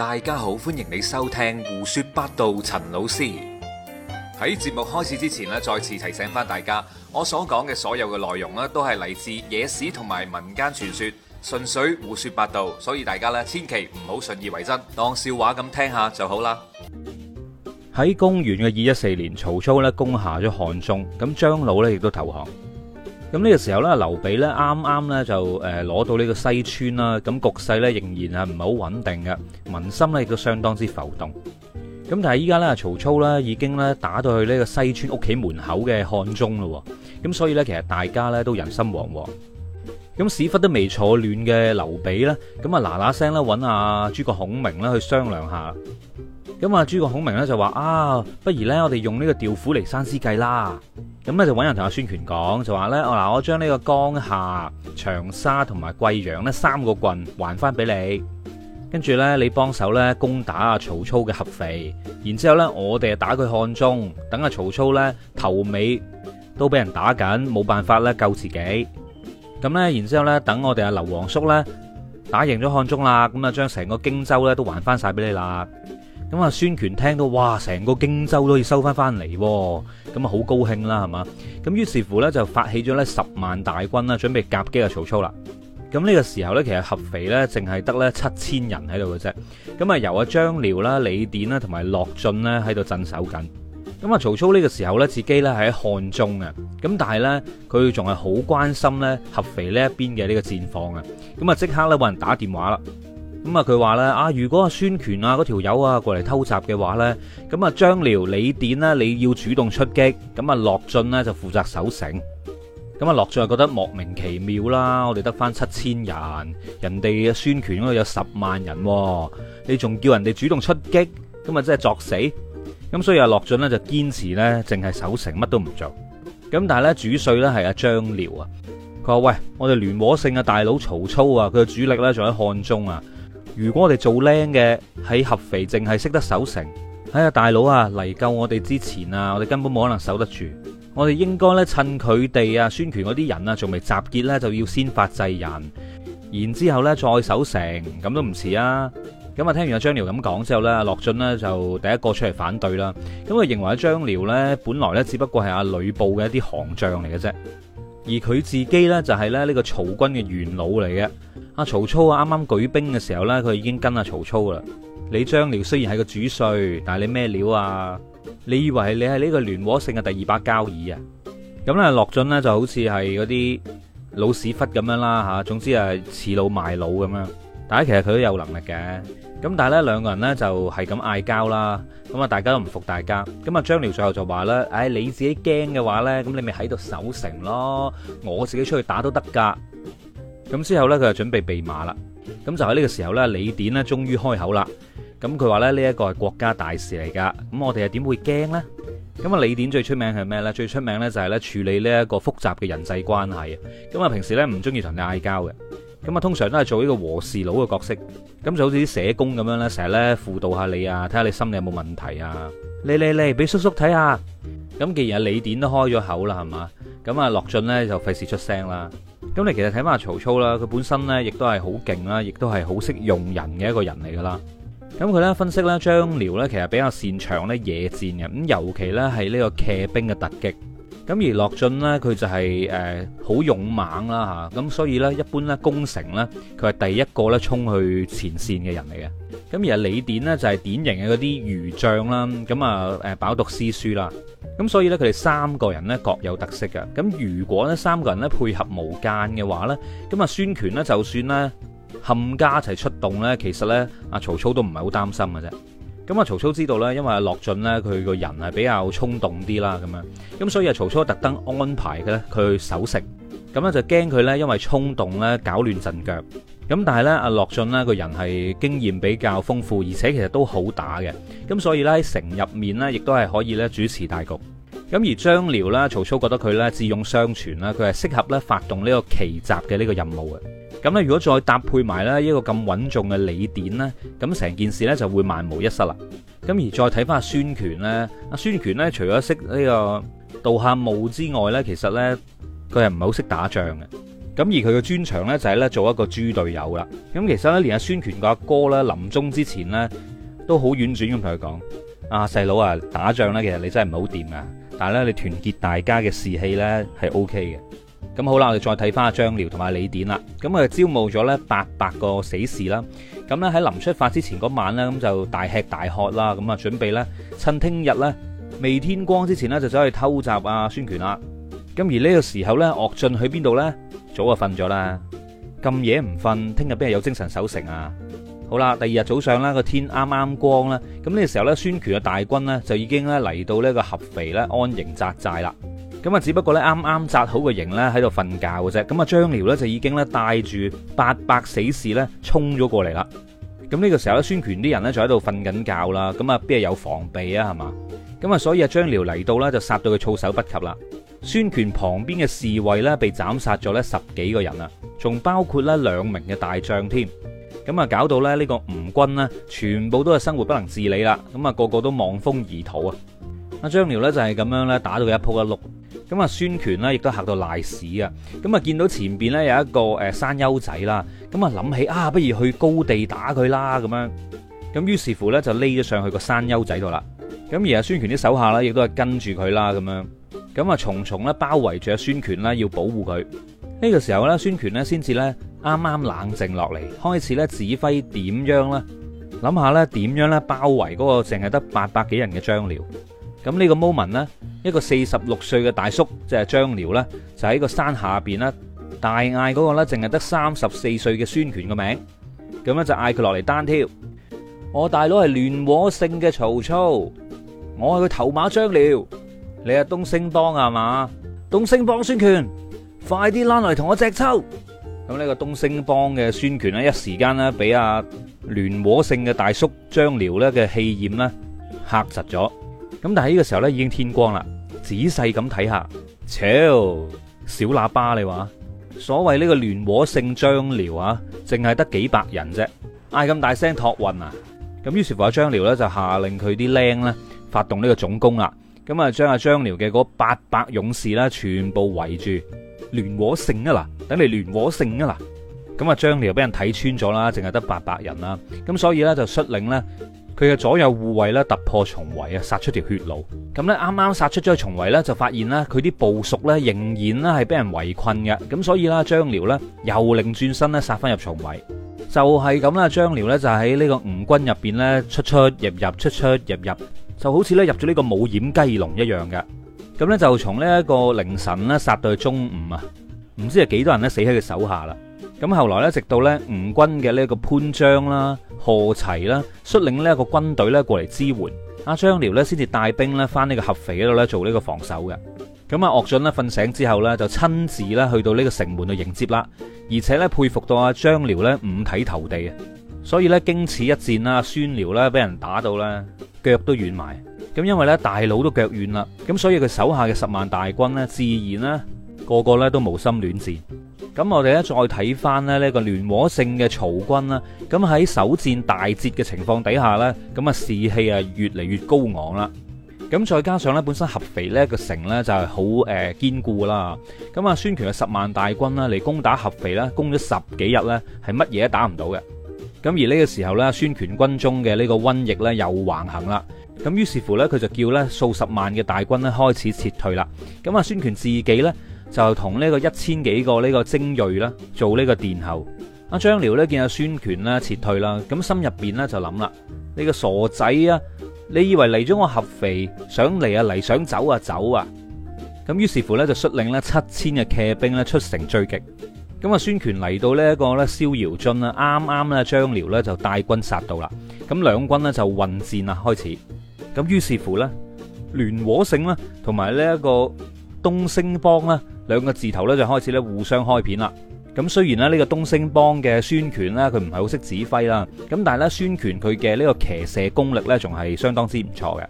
大家好，歡迎你收聽胡說八道。陳老師喺節目開始之前呢，再次提醒翻大家，我所講嘅所有嘅內容呢都係嚟自野史同埋民間傳說，純粹胡說八道，所以大家呢千祈唔好信以為真，當笑話咁聽下就好啦。喺公元嘅二一四年，曹操呢攻下咗漢中，咁張魯呢亦都投降。咁呢個時候咧，劉備咧啱啱咧就誒攞到呢個西川啦，咁局勢咧仍然係唔係好穩定嘅，民心咧亦都相當之浮動。咁但係依家咧曹操咧已經咧打到去呢個西川屋企門口嘅漢中咯，咁所以咧其實大家咧都人心惶惶。咁屎忽都未坐暖嘅劉備咧，咁啊嗱嗱聲咧揾阿諸葛孔明咧去商量下。咁啊，諸葛孔明咧就話啊，不如咧，我哋用呢個調虎離山之計啦。咁咧就揾人同阿孫權講，就話咧，我嗱我將呢個江夏、長沙同埋貴陽呢三個郡還翻俾你，跟住咧你幫手咧攻打啊曹操嘅合肥，然之後咧我哋打佢漢中，等阿曹操咧頭尾都俾人打緊，冇辦法咧救自己。咁咧，然之後咧等我哋阿劉皇叔咧打贏咗漢中啦，咁啊將成個荊州咧都還翻晒俾你啦。咁啊，孫權聽到，哇，成個荊州都要收翻翻嚟，咁啊，好高興啦，係嘛？咁於是乎呢，就發起咗呢十萬大軍啦，準備夾擊啊曹操啦。咁呢個時候呢，其實合肥呢，淨係得呢七千人喺度嘅啫。咁啊，由阿張遼啦、李典啦同埋樂進呢喺度鎮守緊。咁啊，曹操呢個時候呢，自己係喺漢中啊。咁但係呢，佢仲係好關心呢合肥呢一邊嘅呢個戰況啊。咁啊，即刻呢，揾人打電話啦。咁啊，佢話咧啊，如果阿孫權啊嗰條友啊過嚟偷襲嘅話咧，咁啊張遼、李典呢，你要主動出擊，咁啊樂進呢就負責守城。咁啊樂進啊覺得莫名其妙啦，我哋得返七千人，人哋阿孫權嗰度有十萬人，你仲叫人哋主動出擊，咁啊真係作死。咁所以啊樂進呢就堅持咧淨係守城，乜都唔做。咁但係咧主帥咧係阿張遼啊，佢話喂，我哋聯和勝嘅大佬曹操啊，佢嘅主力咧仲喺漢中啊。如果我哋做靚嘅喺合肥淨係識得守城，喺、哎、呀大佬啊嚟救我哋之前啊，我哋根本冇可能守得住。我哋應該呢趁佢哋啊，孫權嗰啲人啊仲未集結呢，就要先發制人，然之後呢再守城，咁都唔遲啊。咁啊聽完阿張遼咁講之後呢樂進呢就第一個出嚟反對啦。咁佢認為阿張遼呢本來呢只不過係阿呂布嘅一啲行將嚟嘅啫，而佢自己呢就係咧呢個曹軍嘅元老嚟嘅。啊！曹操啊，啱啱舉兵嘅時候咧，佢已經跟啊曹操啦。你張遼雖然係個主帥，但係你咩料啊？你以為你係呢個聯和性嘅第二把交椅啊？咁咧，樂進咧就好似係嗰啲老屎忽咁樣啦吓。總之係，恃老賣老咁樣。但係其實佢都有能力嘅。咁但係咧，兩個人咧就係咁嗌交啦。咁啊，大家都唔服大家。咁啊，張遼最後就話咧：，唉，你自己驚嘅話咧，咁你咪喺度守城咯。我自己出去打都得噶。咁之後咧，佢就準備備馬啦。咁就喺呢個時候咧，李典咧終於開口啦。咁佢話咧，呢一個係國家大事嚟噶。咁我哋又點會驚咧？咁啊，李典最出名係咩咧？最出名咧就係咧處理呢一個複雜嘅人際關係。咁啊，平時咧唔中意同你嗌交嘅。咁啊，通常都係做呢個和事佬嘅角色。咁就好似啲社工咁樣咧，成日咧輔導下你啊，睇下你心理有冇問題啊。嚟嚟嚟，俾叔叔睇下。咁既然李典都開咗口啦，係嘛？咁啊，樂進咧就費事出聲啦。咁你其實睇翻曹操啦，佢本身咧亦都係好勁啦，亦都係好識用人嘅一個人嚟噶啦。咁佢咧分析咧，張遼咧其實比較擅長咧野戰嘅，咁尤其咧係呢個騎兵嘅突擊。咁而樂進呢，佢就係誒好勇猛啦吓，咁所以呢，一般呢攻城呢佢係第一個呢衝去前線嘅人嚟嘅。咁而係李典呢，就係典型嘅嗰啲儒將啦，咁啊誒飽讀詩書啦，咁所以呢，佢哋三個人呢各有特色嘅。咁如果呢三個人呢配合無間嘅話呢，咁啊孫權呢就算呢，冚家齊出動呢，其實呢，阿曹操都唔係好擔心嘅啫。咁啊，曹操知道咧，因為阿樂進呢，佢個人係比較衝動啲啦，咁樣，咁所以啊，曹操特登安排嘅咧，佢去守城，咁咧就驚佢咧，因為衝動咧搞亂陣腳，咁但係咧，阿樂進呢個人係經驗比較豐富，而且其實都好打嘅，咁所以咧喺城入面咧，亦都係可以咧主持大局，咁而張遼啦，曹操覺得佢咧智勇雙全啦，佢係適合咧發動呢個奇襲嘅呢個任務嘅。咁咧，如果再搭配埋咧一個咁穩重嘅李典呢，咁成件事呢就會萬無一失啦。咁而再睇翻阿孫權呢，阿孫權呢除咗識呢個道下霧之外呢，其實呢，佢係唔係好識打仗嘅。咁而佢嘅專長呢，就係呢做一個豬隊友啦。咁其實呢，連阿孫權個阿哥呢，臨終之前呢，都好婉轉咁同佢講：，阿細佬啊，打仗呢，其實你真係唔係好掂噶，但係呢，你團結大家嘅士氣呢，OK，係 O K 嘅。咁好啦，我哋再睇翻阿張遼同埋李典啦。咁佢招募咗咧八百個死士啦。咁咧喺臨出發之前嗰晚咧，咁就大吃大喝啦。咁啊準備咧趁聽日咧未天光之前咧，就走去偷襲阿孫權啦。咁而呢個時候咧，樂進去邊度咧？早啊瞓咗啦，咁夜唔瞓，聽日邊係有精神守城啊？好啦，第二日早上啦，個天啱啱光啦。咁呢個時候咧，孫權嘅大軍咧就已經咧嚟到呢個合肥咧安營紮寨啦。咁啊，只不過咧啱啱紮好個營咧，喺度瞓覺嘅啫。咁啊，張遼呢就已經咧帶住八百死士咧衝咗過嚟啦。咁呢個時候咧，孫權啲人咧就喺度瞓緊覺啦。咁啊，邊係有防備啊？係嘛。咁啊，所以啊，張遼嚟到咧就殺到佢措手不及啦。孫權旁邊嘅侍衛呢被斬殺咗咧十幾個人啊，仲包括咧兩名嘅大將添。咁啊，搞到咧呢個吳軍呢全部都係生活不能自理啦。咁啊，個個都望風而逃啊。阿張遼咧就係咁樣咧打到佢一仆一碌。咁啊，孫權呢亦都嚇到賴屎啊！咁啊，見到前邊呢有一個誒山丘仔啦，咁啊諗起啊，不如去高地打佢啦咁樣。咁於是乎呢，就匿咗上去個山丘仔度啦。咁而阿孫權啲手下呢，亦都係跟住佢啦咁樣。咁啊，重重咧包圍住阿孫權啦，要保護佢。呢、這個時候呢，孫權呢先至呢，啱啱冷靜落嚟，開始呢，指揮點樣呢？諗下呢，點樣呢？包圍嗰個淨係得八百幾人嘅張遼。咁呢個 moment 咧，一個四十六歲嘅大叔，即係張遼呢就喺個山下邊啦，大嗌嗰個呢淨係得三十四歲嘅孫權個名，咁咧就嗌佢落嚟單挑。我、哦、大佬係聯和勝嘅曹操，我係佢頭馬張遼，你阿東星幫啊嘛？東星幫孫權，快啲拉嚟同我隻抽。咁呢個東星幫嘅孫權呢一時間呢俾阿聯和勝嘅大叔張遼呢嘅氣焰呢吓窒咗。咁但係呢個時候呢已經天光啦，仔細咁睇下，操，小喇叭你話，所謂呢個聯和勝張遼啊，淨係得幾百人啫，嗌咁大聲托運啊，咁於是乎阿張遼呢就下令佢啲僆呢，發動呢個總攻啦，咁啊將阿張遼嘅嗰八百勇士呢，全部圍住聯和勝啊嗱，等你聯和勝啊嗱，咁啊張遼俾人睇穿咗啦，淨係得八百人啦，咁所以呢，就率領呢。佢嘅左右護衛咧突破重圍啊，殺出條血路。咁咧啱啱殺出咗重圍咧，就發現咧佢啲部屬咧仍然咧係俾人圍困嘅。咁所以啦，張遼呢又擰轉身咧殺翻入重圍。就係咁啦，張遼呢就喺呢個吳軍入邊咧出出入入出出入入，就好似咧入咗呢個冇掩雞籠一樣嘅。咁咧就從呢一個凌晨咧殺到去中午啊，唔知係幾多人咧死喺佢手下啦。咁後來咧，直到咧吳軍嘅呢個潘璋啦。賀齊啦，率領呢一個軍隊咧過嚟支援阿張遼咧，先至帶兵咧翻呢個合肥度咧做呢個防守嘅。咁啊，岳俊咧瞓醒之後咧，就親自咧去到呢個城門去迎接啦，而且咧佩服到阿張遼咧五體投地啊！所以咧，經此一戰啦，孫遼咧俾人打到咧腳都軟埋，咁因為咧大佬都腳軟啦，咁所以佢手下嘅十萬大軍呢，自然呢個個咧都無心戀戰。咁我哋咧再睇翻呢個聯和性嘅曹軍啦，咁喺首戰大捷嘅情況底下呢，咁啊士氣啊越嚟越高昂啦。咁再加上呢本身合肥呢個城呢就係好誒堅固啦，咁啊孫權嘅十萬大軍啦嚟攻打合肥呢，攻咗十幾日呢係乜嘢都打唔到嘅。咁而呢個時候呢，孫權軍中嘅呢個瘟疫呢又橫行啦。咁於是乎呢，佢就叫呢數十萬嘅大軍呢開始撤退啦。咁啊孫權自己呢。就同呢個一千幾個呢個精鋭啦，做呢個殿後。阿張遼呢見阿孫權啦撤退啦，咁心入面呢就諗啦：呢個傻仔啊，你以為嚟咗我合肥，想嚟啊嚟，想走啊走啊？咁於是乎呢，就率領呢七千嘅騎兵呢出城追擊。咁啊，孫權嚟到呢一個呢，逍遙津啊，啱啱呢張遼呢就帶軍殺到啦。咁兩軍呢就混戰啊開始。咁於是乎呢，聯和勝呢，同埋呢一個東星幫呢。兩個字頭咧就開始咧互相開片啦。咁雖然咧呢個東星幫嘅孫權呢，佢唔係好識指揮啦，咁但係呢，孫權佢嘅呢個騎射功力呢，仲係相當之唔錯嘅。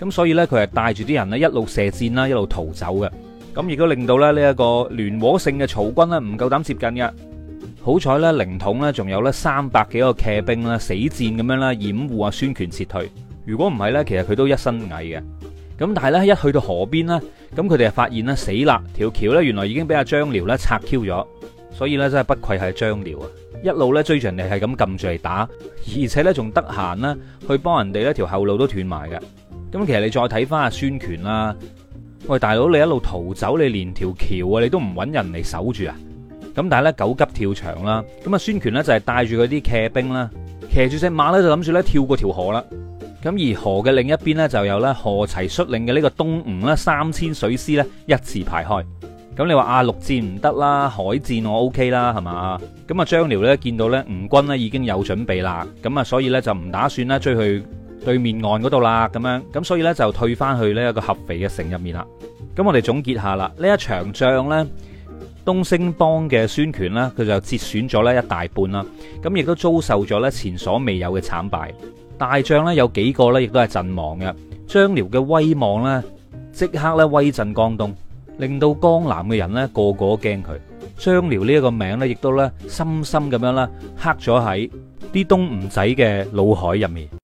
咁所以呢，佢係帶住啲人呢一路射箭啦，一路逃走嘅。咁亦都令到咧呢一個聯和性嘅曹軍呢，唔夠膽接近嘅。好彩呢，凌統呢仲有呢三百幾個騎兵啦，死戰咁樣啦掩護阿孫權撤退。如果唔係呢，其實佢都一身蟻嘅。咁但係咧一去到河邊呢，咁佢哋就發現呢，死啦，條橋呢，原來已經俾阿張遼呢拆 Q 咗，所以呢，真係不愧係張遼啊！一路呢追住人哋係咁撳住嚟打，而且呢，仲得閒呢去幫人哋呢條後路都斷埋嘅。咁其實你再睇翻阿孫權啦，喂，大佬你一路逃走，你連條橋啊你都唔揾人嚟守住啊！咁但係呢，狗急跳牆啦，咁啊孫權呢，就係帶住嗰啲騎兵啦，騎住隻馬呢，就諗住呢，跳過條河啦。咁而河嘅另一邊呢就有咧何齊率領嘅呢個東吳呢三千水師呢一字排開。咁你話啊陸戰唔得啦，海戰我 O K 啦，係嘛？咁啊張遼咧見到呢吳軍呢已經有準備啦，咁啊所以呢就唔打算呢追去對面岸嗰度啦。咁樣咁所以呢就退翻去呢一個合肥嘅城入面啦。咁我哋總結下啦，呢一場仗呢，東星幫嘅孫權呢，佢就折損咗一大半啦，咁亦都遭受咗呢前所未有嘅慘敗。大將咧有幾個咧，亦都係陣亡嘅。張遼嘅威望呢，即刻咧威震江東，令到江南嘅人呢，個個驚佢。張遼呢一個名呢，亦都咧深深咁樣咧刻咗喺啲東吳仔嘅腦海入面。